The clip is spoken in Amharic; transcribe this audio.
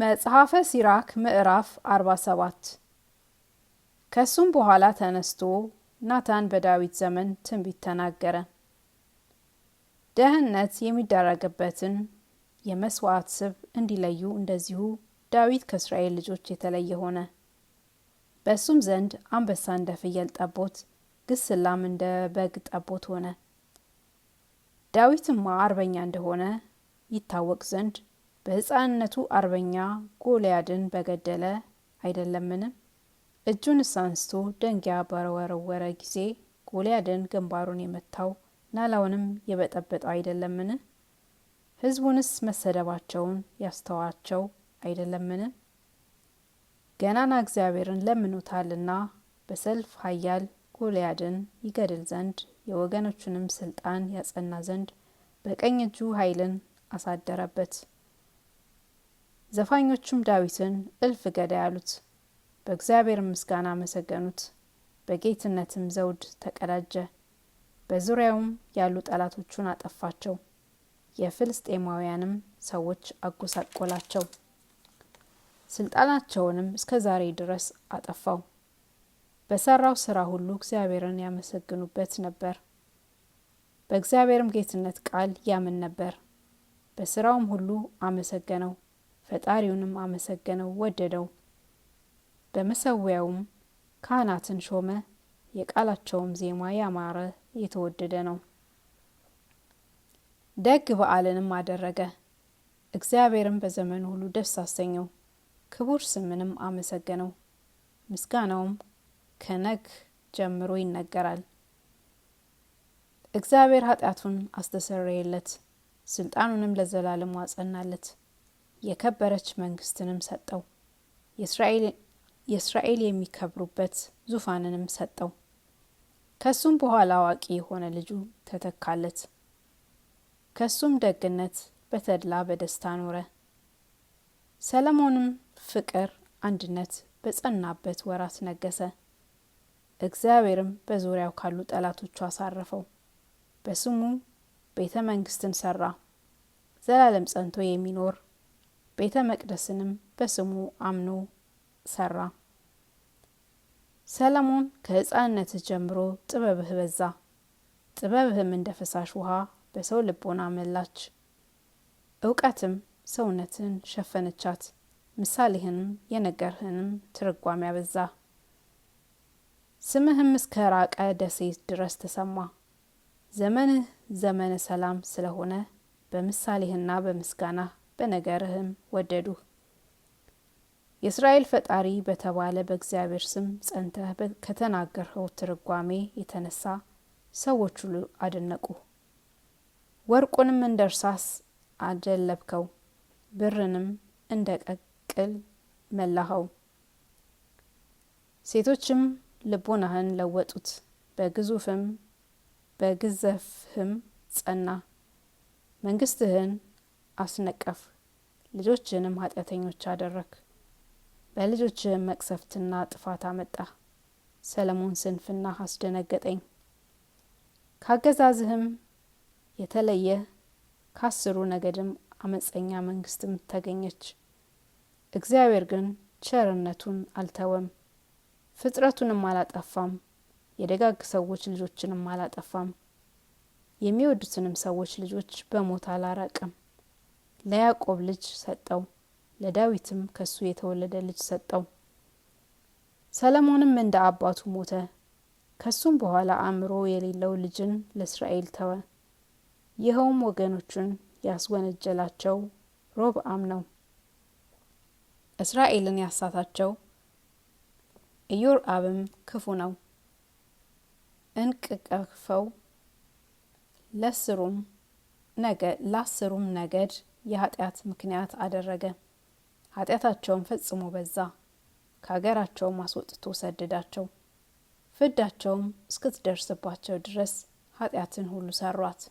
መጽሐፈ ሲራክ ምዕራፍ 47 ከሱም በኋላ ተነስቶ ናታን በዳዊት ዘመን ትንቢት ተናገረ። ደህንነት የሚደረግበትን የመስዋዕት ስብ እንዲለዩ እንደዚሁ ዳዊት ከእስራኤል ልጆች የተለየ ሆነ። በእሱም ዘንድ አንበሳ እንደ ፍየል ጠቦት፣ ግስላም እንደ በግ ጠቦት ሆነ። ዳዊትማ አርበኛ እንደሆነ ይታወቅ ዘንድ በሕፃንነቱ አርበኛ ጎልያድን በገደለ አይደለምን? እጁንስ አንስቶ ደንጊያ በወረወረ ጊዜ ጎልያድን ግንባሩን የመታው ናላውንም የበጠበጠው አይደለምን? ሕዝቡንስ መሰደባቸውን ያስተዋቸው አይደለምን? ገናና እግዚአብሔርን ለምኖታልና በሰልፍ ኃያል ጎልያድን ይገድል ዘንድ የወገኖቹንም ስልጣን ያጸና ዘንድ በቀኝ እጁ ኃይልን አሳደረበት። ዘፋኞቹም ዳዊትን እልፍ ገዳይ አሉት፣ በእግዚአብሔር ምስጋና አመሰገኑት፣ በጌትነትም ዘውድ ተቀዳጀ። በዙሪያውም ያሉ ጠላቶቹን አጠፋቸው፣ የፍልስጤማውያንም ሰዎች አጎሳቆላቸው፣ ስልጣናቸውንም እስከ ዛሬ ድረስ አጠፋው። በሰራው ስራ ሁሉ እግዚአብሔርን ያመሰግኑበት ነበር። በእግዚአብሔርም ጌትነት ቃል ያምን ነበር። በስራውም ሁሉ አመሰገነው። ፈጣሪውንም አመሰገነው፣ ወደደው። በመሰዊያውም ካህናትን ሾመ። የቃላቸውም ዜማ ያማረ የተወደደ ነው። ደግ በዓልንም አደረገ። እግዚአብሔርም በዘመኑ ሁሉ ደስ አሰኘው፣ ክቡር ስምንም አመሰገነው። ምስጋናውም ከነግ ጀምሮ ይነገራል። እግዚአብሔር ኃጢአቱን አስተሰረየለት፣ ስልጣኑንም ለዘላለም አጸናለት። የከበረች መንግስትንም ሰጠው። የእስራኤል የሚከብሩበት ዙፋንንም ሰጠው። ከሱም በኋላ አዋቂ የሆነ ልጁ ተተካለት። ከሱም ደግነት በተድላ በደስታ ኖረ። ሰለሞንም ፍቅር፣ አንድነት በጸናበት ወራት ነገሰ። እግዚአብሔርም በዙሪያው ካሉ ጠላቶቹ አሳረፈው። በስሙ ቤተ መንግስትን ሰራ። ዘላለም ጸንቶ የሚኖር ቤተ መቅደስንም በስሙ አምኖ ሰራ። ሰለሞን ከህፃንነት ጀምሮ ጥበብህ በዛ፣ ጥበብህም እንደ ፈሳሽ ውሃ በሰው ልቦና መላች። እውቀትም ሰውነትን ሸፈነቻት፣ ምሳሌህንም የነገርህንም ትርጓሜ ያበዛ። ስምህም እስከ ራቀ ደሴት ድረስ ተሰማ። ዘመንህ ዘመነ ሰላም ስለሆነ በምሳሌህና በምስጋናህ በነገርህም ወደዱ! የእስራኤል ፈጣሪ በተባለ በእግዚአብሔር ስም ጸንተህ ከተናገርኸው ትርጓሜ የተነሳ ሰዎች ሁሉ አደነቁ። ወርቁንም እንደ እርሳስ አደለብከው፣ ብርንም እንደ ቀቅል መላኸው። ሴቶችም ልቦናህን ለወጡት፣ በግዙፍም በግዘፍህም ጸና መንግስትህን አስነቀፍ፣ ልጆችንም ኃጢአተኞች አደረግ፣ በልጆችህም መቅሰፍትና ጥፋት አመጣ። ሰለሞን ስንፍና አስደነገጠኝ፣ ካገዛዝህም የተለየ ከአስሩ ነገድም አመፀኛ መንግስትም ተገኘች። እግዚአብሔር ግን ቸርነቱን አልተወም፣ ፍጥረቱንም አላጠፋም፣ የደጋግ ሰዎች ልጆችንም አላጠፋም፣ የሚወዱትንም ሰዎች ልጆች በሞት አላራቅም። ለያዕቆብ ልጅ ሰጠው፣ ለዳዊትም ከሱ የተወለደ ልጅ ሰጠው። ሰለሞንም እንደ አባቱ ሞተ። ከሱም በኋላ አእምሮ የሌለው ልጅን ለእስራኤል ተወ። ይኸውም ወገኖቹን ያስወነጀላቸው ሮብአም ነው። እስራኤልን ያሳታቸው ኢዮርአብም ክፉ ነው። እንቅቀፈው ለስሩም ነገድ ላስሩም ነገድ የኃጢአት ምክንያት አደረገ። ኃጢአታቸውን ፈጽሞ በዛ። ከሀገራቸውም አስወጥቶ ሰደዳቸው። ፍዳቸውም እስክትደርስባቸው ድረስ ኃጢአትን ሁሉ ሰሯት።